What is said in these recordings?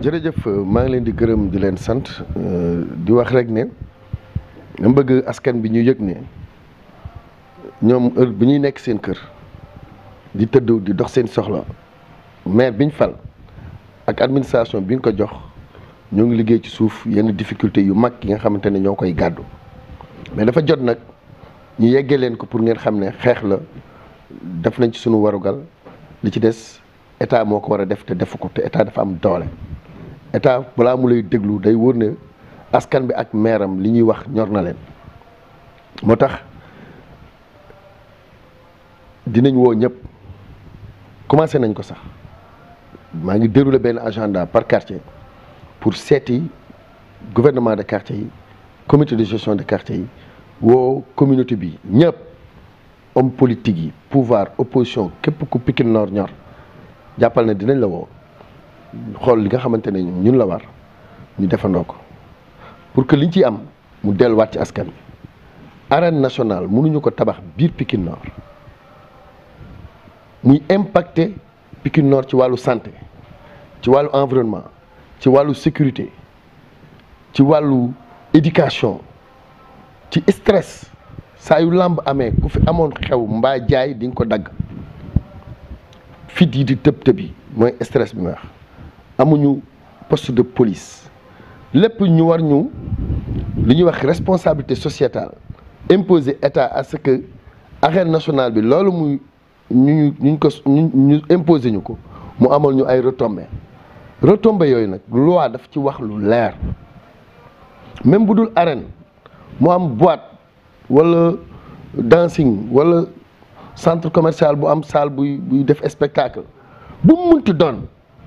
jërëjëf maa ngi leen di gërëm di leen sant euh, di wax rek ne dama bëgg askan bi ñu yëg ne ñoom heure bi ñuy nekk seen kër di tëdd di dox seen soxla maire biñ fal ak administration bi ñu ko jox ñoo ngi liggéey ci suuf yenn difficulté yu mag yi nga xamante ne ñoo koy gàddu mais dafa jot nag ñu yeggee leen ko pour ngeen xam ne xeex la def nañ ci sunu warugal li ci des état moo ko war a def te defu ko te état dafa am doole. et voilà, vous lay day wóor ne askan bi ak maire li ñuy wax ñor na len motax dinañ commencé nañ ko sax ngi déroulé agenda par quartier pour séti gouvernement de quartier comité de gestion de quartier wo communauté bi homme politique pouvoir opposition képp ku Nord ñor dinañ la xol li nga xamantene ñun la war ñu defandoo pour que liñ ci am mu wat ci askan bi arène nationale mënuñu ko tabax biir Pikine Nord muy impacté Pikine Nord ci walu santé ci walu environnement ci walu sécurité ci walu éducation ci stress saa yu lamb amé ku fi amone xew mbaa jaay di ko dag fit di tëb tebi moy stress bi ma wax amuñu poste de police lepp ñu war ñu liñu wax responsabilité sociétale imposer état à ce que arène nationale bi lolu muy ñu ñu ko ñu imposer ñuko ko mu amal ñu ay retombées retombées yoy nak loi daf ci wax lu leer même budul arène mu am boîte wala dancing wala centre commercial bu am salle bu def spectacle bu mu munti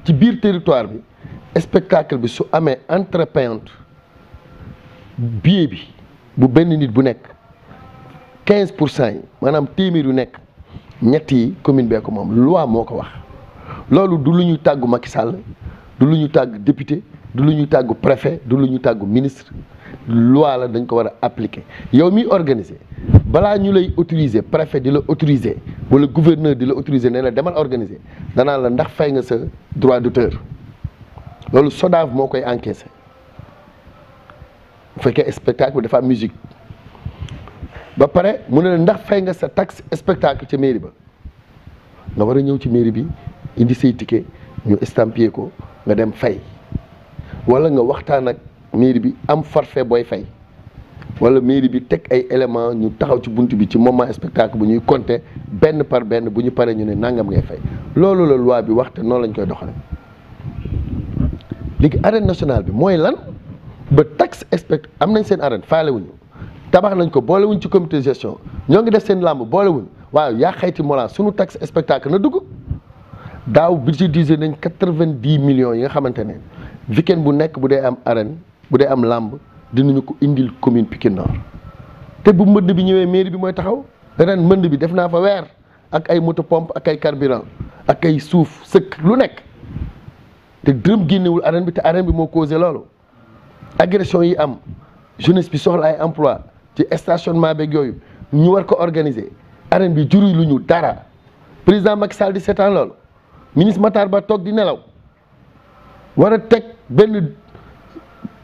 ci biir territoire bi spectacle bi su amee entreprenante billet bi bu benn nit bu nekk quinze pour cent yi maanaam téeméer yu nekk ñett yi commune bee ko moom loi moo ko wax loolu du lu ñuy tàggu Macky Sall du lu ñuy tàggu député du lu ñuy tàggu préfet du lu ñuy tàggu ministre loi la dañ ko war a appliquer yow miy organiser bala ñu lay autoriser préfet dila autoriser wala gouverneur dila autoriser nee demal organiser dana la ndax fay nga sa droit d'auteur loolu SODAV moo koy encaissé bu fekkee spectacle dafa musique ba paré mu ne ndax fay nga sa taxe spectacle ci mairie ba nga wara a ñëw ci mairie bi indi say ticket ñu estampillé ko nga dem fay wala nga waxtaan ak mairie bi am forfait boy fay. wala mairie bi teg ay élément ñu taxaw ci bunt bi ci moment spectacle bu ñuy compter benn par benn bu ñu paree ñu ne nangam ngay fay loolu la loi bi wax te noonu lañ koy doxale léegi arène nationale bi mooy lan ba taxe spect am nañ seen arène faalewuñu tabax nañ ko boolewuñ ci comité de ñoo ngi def seen làmb boolewuñ waaw yaa xayti Mollah suñu taxe spectacle na dugg daaw budgétisé nañ quatre-vingt-dix million yi nga xamante ne weekend bu nekk bu dee am arène bu dee am làmb ñu ko indil commune Pikine Nord te bu mbënd bi ñëwee mairie bi mooy taxaw ren mbënn bi def naa fa weer ak ay moto pompe ak ay carburant ak ay suuf sëkk lu nekk te dërëm génnewul arène bi te arène bi moo causé loolu agression yi am jeunesse bi soxla ay emploi ci stationnement beeg yooyu ñu war ko organiser arène bi juru lu ñu dara président Macky Sall di seetaan loolu ministre Matar Ba toog di nelaw war a teg benn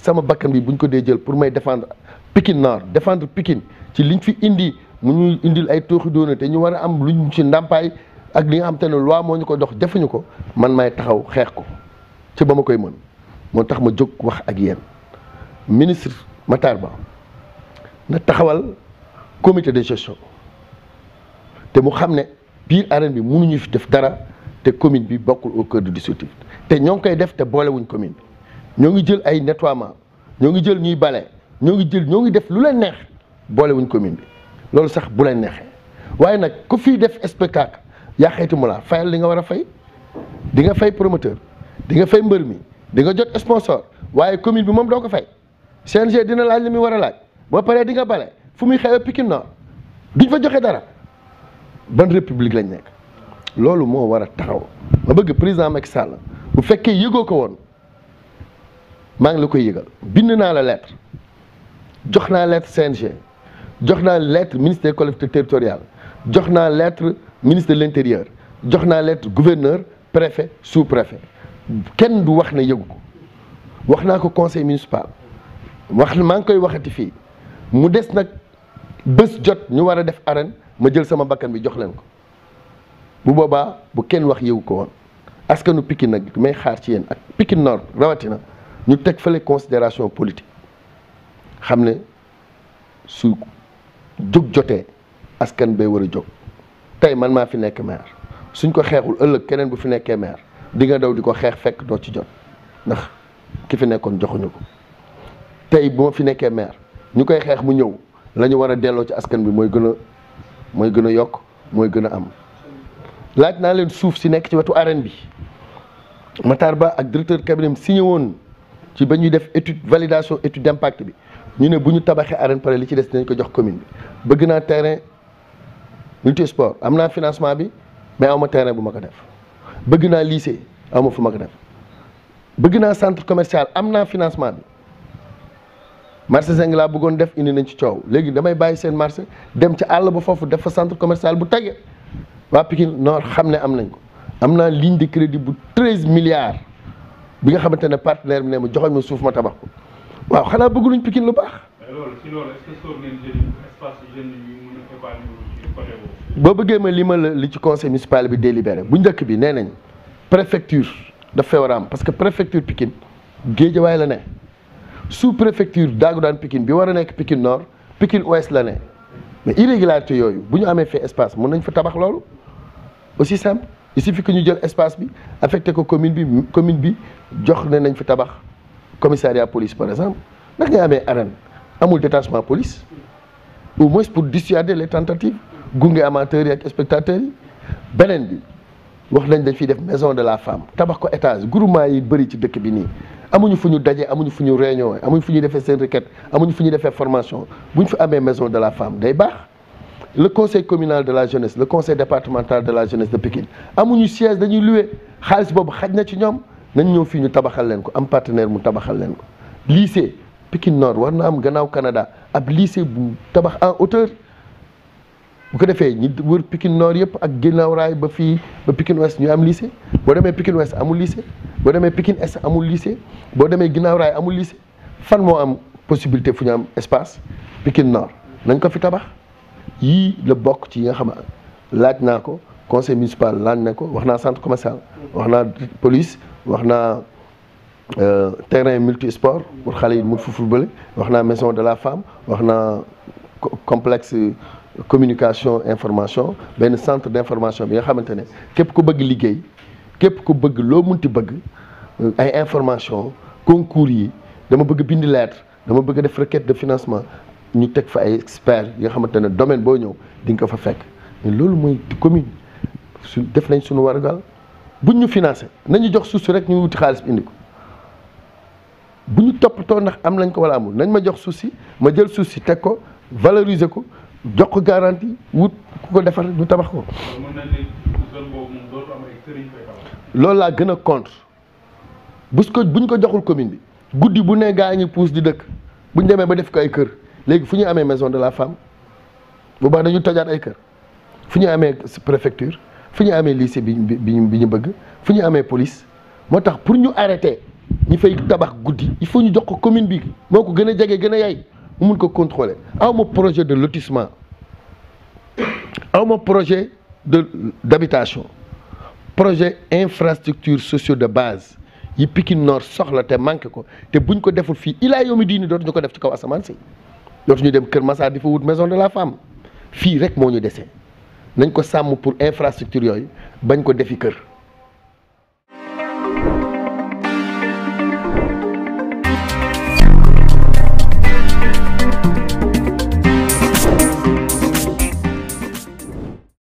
sama bakkan bi buñ ko dee jël pour may défendre Pikine Nord défendre Pikine ci liñ fi indi mu ñuy indil ay tooxi doona te ñu war a am lu ñu ci ndàmpaay ak li nga xam te ne loi moo ñu ko dox defuñu ko man may taxaw xeex ko ci ba ma koy mën moo tax ma jóg wax ak yéen ministre Matar Ba na taxawal commité de gestion te mu xam ne biir arène bi mënuñu fi def dara te commune bi bokkul au cœur du dispositif te ñoo ngi koy def te boolewuñ commune bi ñoo ngi jël ay nettoiement ñoo ngi jël ñuy bale ñoo ngi jël ñoo ngi def lu leen neex boole wuñ commune bi loolu sax bu leen neexee waaye nag ku fii def spectacle yaa xayti mu laa fayal li nga war a fay di nga fay promoteur di nga fay mbër mi di nga jot sponsor waaye commune bi moom doo ko fay CNG dina laaj li muy war a laaj ba pare di nga bale fu muy xewee Pikine Nord duñ fa joxe dara ban république lañ nekk loolu moo war a taxaw ma bëgg président Macky Sall bu fekkee yëgoo ko woon maa ngi la koy yëgal bind naa la lettre jox naa lettre CNG jox naa lettre ministre des collectivités territoriales jox naa lettre ministre de l'intérieur jox naa lettre gouverneur préfet sous préfet kenn du wax ne yëgu ko wax naa ko conseil municipal wax maa ngi koy waxati fii mu des nag bés jot ñu war a def arène ma jël sama bakkan bi jox leen ko bu boobaa bu kenn wax yëgu ko woon askanu Pikine nag may xaar ci yéen ak Pikine Nord rawatina. ñu teg fële considération politique xam ne su jóg jotee askan bay war a jóg tey man maa fi nekk maire suñ ko xeexul ëllëg keneen bu fi nekkee maire di nga daw di ko xeex fekk doo ci jot ndax ki fi nekkoon joxuñu ko tey bu ma fi nekkee maire ñu koy xeex mu ñëw lañu ñu war a delloo ci askan bi mooy gën a mooy gën a yokk mooy gën a am laaj naa leen suuf si nekk ci wetu arène bi Matar Ba ak directeur cabinet signé woon ci ba def étude validation étude d'impact bi ñu ne buñu tabaxé tabaxee arène pare li ci dess dañ ko jox commune bi bëgg na terrain multi sport am financement bi mais awma terrain bu mako def bëgg na lycée awma fu mako def bëgg na centre commercial amna financement bi marché seng laa bëggoon def indi nañ ci ciow légui damay bàyyi sen marché dem ci àll ba fofu def fa centre commercial bu tagué wa Pikine Nord xamné ne am nañ ko amna ligne de crédit bu 13 milliards bi nga xamante ne partenaire bi ne ma joxoñ ma suuf ma tabax ko waaw xanaa bëgg luñ Pikine lu baax. loolu ci boo bëggee ma li ma la li ci conseil municipal bi délibéré bu njëkk bi nee nañ préfecture daf fee war a am parce que préfecture Pikine Guédiawaye la ne sous préfecture daan Pikine bi war a nekk Pikine Nord Pikine Ouest la ne mais irrégularité yooyu bu ñu amee fi espace mun nañ fa tabax loolu aussi simple. il suffit que ñu jël espace bi affecté ko commune bi commune bi jox ne nañ fi tabax commissariat police par exemple ndax ngay amee arène amul détachement police au moins pour dissuader les tentatives gunge amateurs et ak spectateurs yi beneen bi wax nañ dañ def maison de la femme tabax ko étage groupement yi bëri ci dëkk bi nii amuñu fu ñu dajee amuñu fu réunion amuñu fu ñuy des seen requête amuñu fu ñuy defee formation bu ñu fi maison de la femme day baax le conseil communal de la jeunesse le conseil départemental de la jeunesse de Pékin. amuñu siège dañuy loué xaalis Bob, xaj na ci ñoom nañ ñëw fii tabaxal leen ko am partenaire mu tabaxal leen ko lycée Pékin Nord war na am gannaaw Canada ab lycée bu tabax en hauteur bu ko defee ñu wër Pikine Nord yëpp ak ginnaaw raay ba fii ba Pékin Ouest ñu am lycée Vous demee Pékin Ouest amul lycée Vous demee Pékin Est amul lycée boo demee ginnaaw raay amul lycée fan moo am possibilité fu ñu am espace Pékin Nord nañ ko fi tabax yi le bok ci nga xam laaj naa ko conseil municipal laaj na ko wax naa centre commercial wax naa police wax naa euh, terrain multisport pour xale yi mun fu football wax naa maison de la femme wax naa complexe communication information benn centre d'information bi nga xamante ne képp ku bëgg liggéey képp ku bëgg loo munti bëgg euh, ay information concours yi dama bëgg bind lettre dama bëgg def requête de financement ñu teg fa ay experts yi nga xamante ne domaine boo ñëw di ko fa fekk loolu mooy commune su def nañ suñu warugal buñ ñu financé nañu jox suuf si rek ñu wuti xaalis bi indi ko bu ñu toppatoo ndax am nañ ko wala amul nañ ma jox suuf si ma jël suuf si teg ko valoriser ko jox ko garantie wut ku ko defar ñu tabax ko. loolu laa gën a contre su ko buñ ko joxul commune bi guddi bu ne gaa ñi puus di dëkk bu buñ demee ba def ko ay kër. léegi fu ñuy amee maison de la femme bu baax dañu tojaat ay kër fu ñuy amee préfecture fu ñuy amee lycée bi ñu bi ñu bëgg fu ñuy amee police moo pour ñu arrêter ñu fay tabax guddi il faut ñu jox ko commune bi moo ko gën a jege gën a yay mu ko contrôler aw projet de lotissement aw projet de d'habitation projet infrastructure sociaux de base yi Pikine Nord soxla te manqué ko te buñ ko deful fii ilaa yow mi diini dootuñu ko def ci kaw asamaan si dootuñu dem Kër Massar di fa wut maison de la femme fii rek moo ñu desee nañ ko sàmm pour infrastructure yooyu bañ ko defi kër.